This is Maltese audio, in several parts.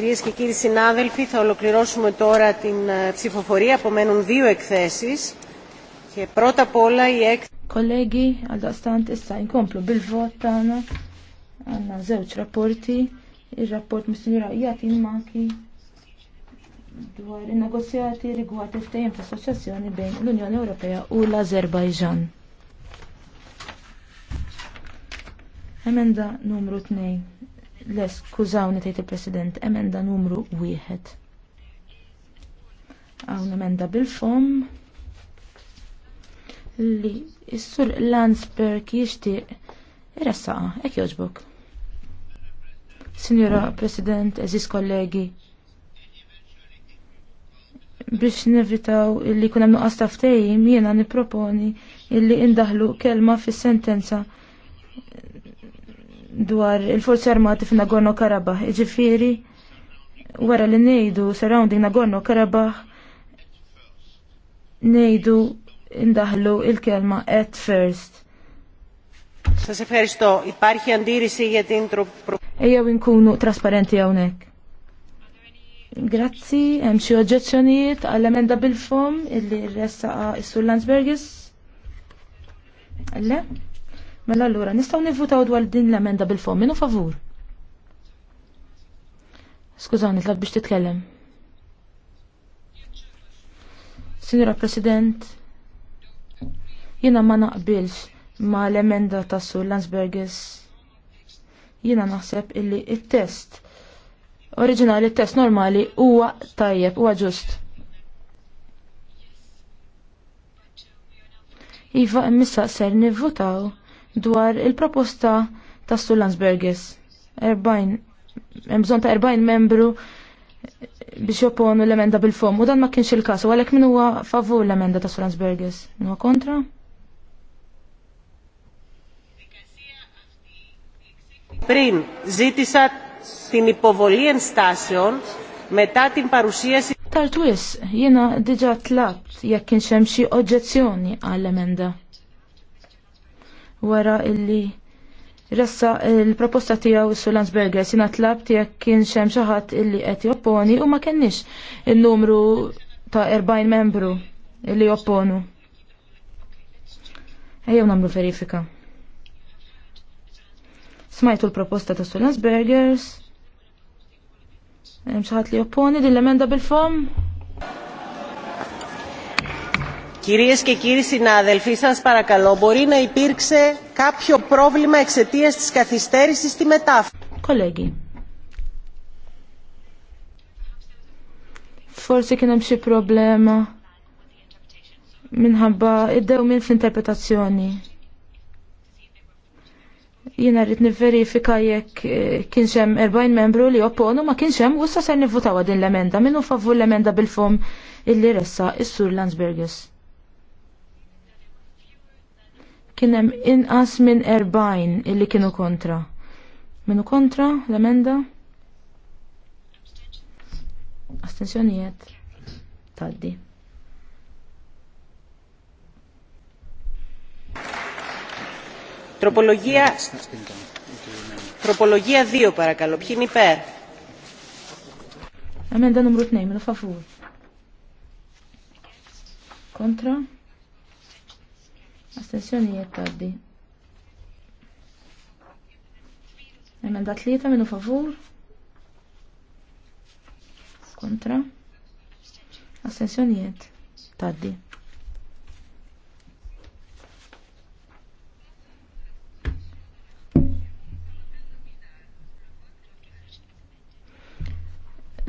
Κυρίες και κύριοι συνάδελφοι, θα ολοκληρώσουμε τώρα την ψηφοφορία. Απομένουν δύο Και πρώτα απ' όλα η έκθεση... Kollegi, għal-daqstant issa bil-vot tagħna għandna żewġ rapporti, ir-rapport mis-Sinjura Jatin Maki dwar in-negozjati rigward il-ftehim ta' assoċjazzjoni bejn l-Unjoni Ewropea u l-Azerbajġan. Emenda numru 2. Les skużawni tgħid il-President, emenda numru wieħed. Hawn emenda bil-fom li s-sur Landsberg jixtieq irassaqa, hekk jogħġbok. Signora President, eżis kollegi, biex nevitaw illi kunem hemm nuqqas taftejjim jiena nipproponi illi indaħlu kelma fis-sentenza dwar il-forzi armati f'Nagorno Karabakh. Ġifiri, wara li nejdu surrounding Nagorno Karabakh, nejdu ndaħlu il-kelma at first. Σας ευχαριστώ. Υπάρχει αντίρρηση για την Ejjew inkunu trasparenti hawnhekk. Grazzi, hemm xi oġġezzjonijiet għall-emenda bil-fom illi ressaqa is-Sur Lansbergis Le? Mela allura nistgħu nivvutaw dwar din l-emenda bil-fom minu favur. Skużani, tlab biex titkellem. Signora President, jiena ma naqbilx ma l-emenda ta' Sur Landsbergis. Jiena naħseb illi il test oriġinali il test normali huwa tajjeb, huwa ġust. Iva missa ser nivvutaw dwar il-proposta ta' Sullansbergis. 40 hemm bżonn ta' 40 membru biex jopponu l-emenda bil-fom u dan ma kienx il-każ u għalhekk min huwa favur l-emenda ta' Sullansbergis. Min huwa kontra? Prim, zitisa την υποβολή ενστάσεων μετά την παρουσίαση Tartwis, jiena να tlabt jekk kienx hemm xi oġġezzjoni għall-emenda wara illi ressa il-proposta tiegħu su Landsberger sina tlab tiegħek kien xem xi ħadd illi qed jopponi u ma kenniex il-numru ta' 40 membru illi jopponu. Ejjew nagħmlu verifika. Smajtu l-proposta ta' Su Landsbergers. Hemm xi ħadd li opponi din l-emenda bil-fom Κυρίες και κύριοι συνάδελφοι, σας παρακαλώ, μπορεί να υπήρξε κάποιο πρόβλημα εξαιτίας της καθυστέρησης στη μετάφραση. Κολέγγι. forsi eh, kien hemm xi problema minħabba iddew minn μην interpretazzjoni Jiena rrid nivverifika jekk kienx hemm 40 membru li opponu ma kienx hemm u issa ser nivvutaw din l-emenda minnu favur l-emenda bil-fom illi ressa is-Sur Landsbergis kien hemm inqas minn 40 illi kienu kontra. Minu kontra l-emenda? Astensjonijiet. Taddi. Τροπολογία... Τροπολογία 2 παρακαλώ. Ποιοι είναι υπέρ. Εμένα νούμερο 2, με το φαβούρ. Κόντρα. Astensjonijiet taddi. Emenda tlieta minnu favur. Kontra. Astensjonijiet taddi.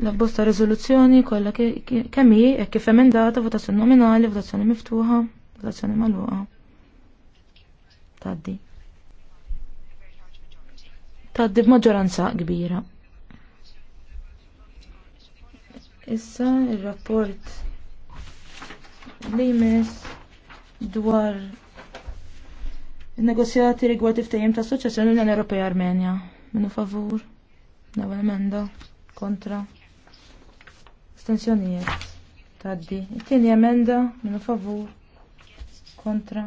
l bosta rezoluzzjoni kollha kemm hi hekk kif emendata votazzjoni nominali, votazzjoni miftuħa, votazzjoni magħluqa taddi. Taddi b'maġġoranza kbira. Issa il-rapport li jmiss dwar il-negozjati rigward iftajim ta' l Unjoni Ewropea Armenja. Minu favur, l emenda, kontra, stensjonijiet, taddi. It-tieni emenda, minu favur, kontra,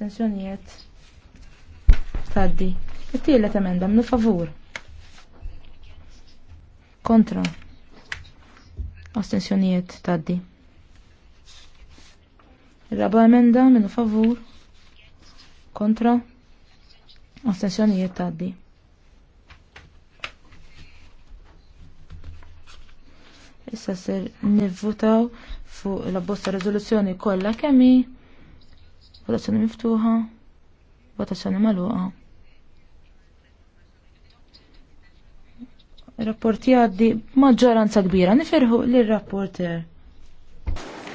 Astensjonijiet. Taddi. It-tielet emenda minn favur. Kontra. Astensjonijiet. Taddi. Il-raba emenda minn favur. Kontra. Astensjonijiet. Taddi. Issa ser nivvutaw fuq la bosta rezoluzzjoni kollha kemm hi? Votazzjoni miftuħa. Votazzjoni magħluqa. Il-rapport jgħaddi maġġoranza kbira. niferħu lir-rapporter.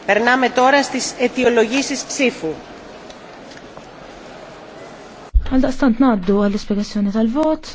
Περνάμε stis στις αιτιολογήσεις ψήφου. Għaldaqstant naddu għall-ispiegazzjoni tal-vot.